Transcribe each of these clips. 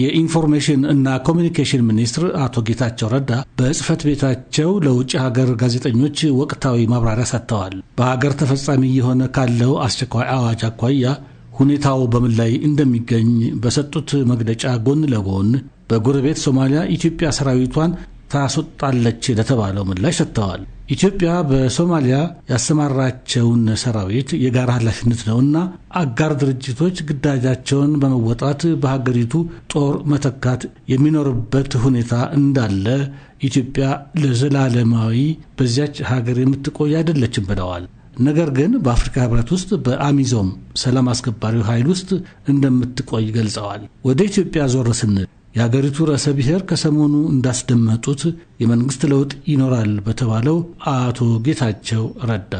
የኢንፎርሜሽን እና ኮሚኒኬሽን ሚኒስትር አቶ ጌታቸው ረዳ በጽህፈት ቤታቸው ለውጭ ሀገር ጋዜጠኞች ወቅታዊ ማብራሪያ ሰጥተዋል። በሀገር ተፈጻሚ እየሆነ ካለው አስቸኳይ አዋጅ አኳያ ሁኔታው በምን ላይ እንደሚገኝ በሰጡት መግለጫ ጎን ለጎን በጎረቤት ሶማሊያ ኢትዮጵያ ሰራዊቷን ታስወጣለች ለተባለው ምላሽ ሰጥተዋል። ኢትዮጵያ በሶማሊያ ያሰማራቸውን ሰራዊት የጋራ ኃላፊነት ነውና አጋር ድርጅቶች ግዳጃቸውን በመወጣት በሀገሪቱ ጦር መተካት የሚኖርበት ሁኔታ እንዳለ ኢትዮጵያ ለዘላለማዊ በዚያች ሀገር የምትቆይ አይደለችም ብለዋል። ነገር ግን በአፍሪካ ህብረት ውስጥ በአሚዞም ሰላም አስከባሪው ኃይል ውስጥ እንደምትቆይ ገልጸዋል። ወደ ኢትዮጵያ ዞር ስንል የአገሪቱ ርዕሰ ብሔር ከሰሞኑ እንዳስደመጡት የመንግስት ለውጥ ይኖራል በተባለው አቶ ጌታቸው ረዳ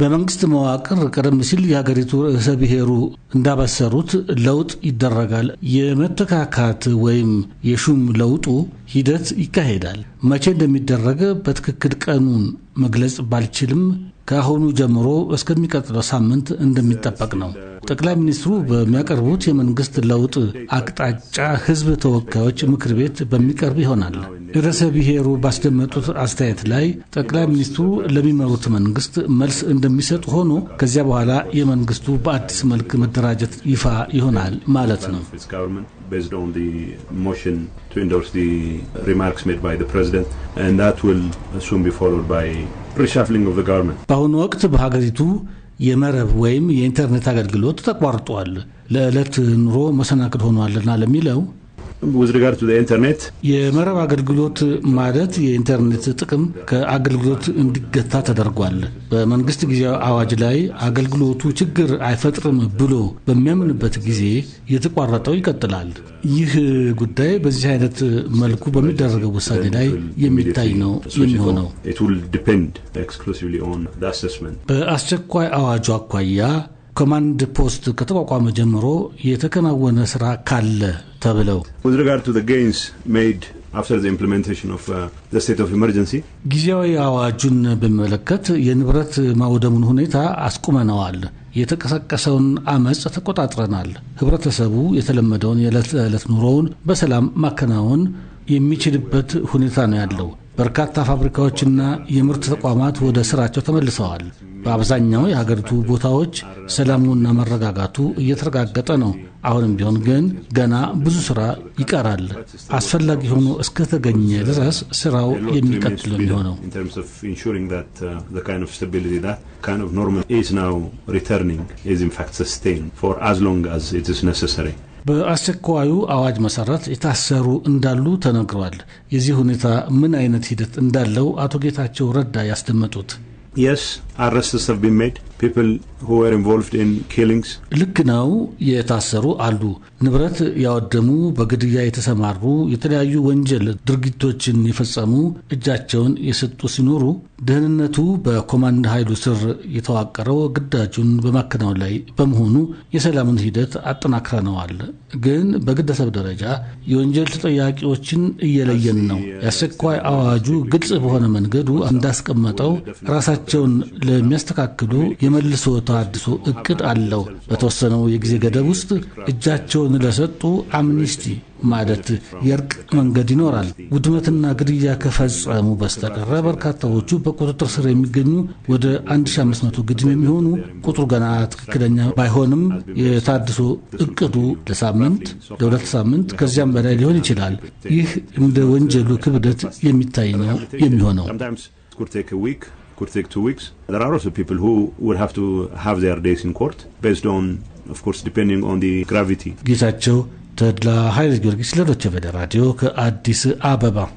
በመንግስት መዋቅር ቀደም ሲል የሀገሪቱ ርዕሰ ብሔሩ እንዳበሰሩት ለውጥ ይደረጋል። የመተካካት ወይም የሹም ለውጡ ሂደት ይካሄዳል። መቼ እንደሚደረግ በትክክል ቀኑን መግለጽ ባልችልም ከአሁኑ ጀምሮ እስከሚቀጥለው ሳምንት እንደሚጠበቅ ነው። ጠቅላይ ሚኒስትሩ በሚያቀርቡት የመንግስት ለውጥ አቅጣጫ ህዝብ ተወካዮች ምክር ቤት በሚቀርብ ይሆናል። ርዕሰ ብሔሩ ባስደመጡት አስተያየት ላይ ጠቅላይ ሚኒስትሩ ለሚመሩት መንግስት መልስ እንደሚሰጥ ሆኖ ከዚያ በኋላ የመንግስቱ በአዲስ መልክ መደራጀት ይፋ ይሆናል ማለት ነው። በአሁኑ ወቅት በሀገሪቱ የመረብ ወይም የኢንተርኔት አገልግሎት ተቋርጧል፣ ለዕለት ኑሮ መሰናክል ሆኗልና ለሚለው ዊዝ ሪጋርድ ቱ ኢንተርኔት የመረብ አገልግሎት ማለት የኢንተርኔት ጥቅም ከአገልግሎት እንዲገታ ተደርጓል። በመንግስት ጊዜያዊ አዋጅ ላይ አገልግሎቱ ችግር አይፈጥርም ብሎ በሚያምንበት ጊዜ የተቋረጠው ይቀጥላል። ይህ ጉዳይ በዚህ አይነት መልኩ በሚደረገው ውሳኔ ላይ የሚታይ ነው የሚሆነው። በአስቸኳይ አዋጁ አኳያ ኮማንድ ፖስት ከተቋቋመ ጀምሮ የተከናወነ ስራ ካለ ተብለው uh, ጊዜያዊ አዋጁን በሚመለከት የንብረት ማውደሙን ሁኔታ አስቁመነዋል። የተቀሰቀሰውን አመፅ ተቆጣጥረናል። ህብረተሰቡ የተለመደውን የዕለት ተዕለት ኑሮውን በሰላም ማከናወን የሚችልበት ሁኔታ ነው ያለው። በርካታ ፋብሪካዎችና የምርት ተቋማት ወደ ስራቸው ተመልሰዋል። በአብዛኛው የሀገሪቱ ቦታዎች ሰላሙና መረጋጋቱ እየተረጋገጠ ነው። አሁንም ቢሆን ግን ገና ብዙ ስራ ይቀራል። አስፈላጊ ሆኖ እስከተገኘ ድረስ ስራው የሚቀጥል የሚሆነው ኖርማል ኢዝ ናው ሪተርኒንግ ኢዝ ኢን ፋክት ሰስቴን ፎር አዝ ሎንግ አዝ ኢት ኢዝ ነሰሰሪ በአስቸኳዩ አዋጅ መሰረት የታሰሩ እንዳሉ ተነግሯል። የዚህ ሁኔታ ምን አይነት ሂደት እንዳለው አቶ ጌታቸው ረዳ ያስደመጡት ልክ ነው። የታሰሩ አሉ፣ ንብረት ያወደሙ፣ በግድያ የተሰማሩ፣ የተለያዩ ወንጀል ድርጊቶችን የፈጸሙ እጃቸውን የሰጡ ሲኖሩ ደህንነቱ በኮማንድ ኃይሉ ስር የተዋቀረው ግዳጁን በማከናወን ላይ በመሆኑ የሰላምን ሂደት አጠናክረነዋል። ግን በግለሰብ ደረጃ የወንጀል ተጠያቂዎችን እየለየን ነው። የአስቸኳይ አዋጁ ግልጽ በሆነ መንገዱ እንዳስቀመጠው ራሳቸው አቅማቸውን ለሚያስተካክሉ የመልሶ ተሃድሶ እቅድ አለው። በተወሰነው የጊዜ ገደብ ውስጥ እጃቸውን ለሰጡ አምኒስቲ ማለት የእርቅ መንገድ ይኖራል። ውድመትና ግድያ ከፈጸሙ በስተቀረ በርካታዎቹ በቁጥጥር ስር የሚገኙ ወደ 1500 ግድም የሚሆኑ ቁጥሩ ገና ትክክለኛ ባይሆንም የታድሶ እቅዱ ለሳምንት ለሁለት ሳምንት ከዚያም በላይ ሊሆን ይችላል። ይህ እንደ ወንጀሉ ክብደት የሚታይ ነው የሚሆነው። could take two weeks. There are also people who will have to have their days in court based on, of course, depending on the gravity. ጌታቸው ተድላ ኃይለ ጊዮርጊስ ለዶቸ ራዲዮ ከአዲስ አበባ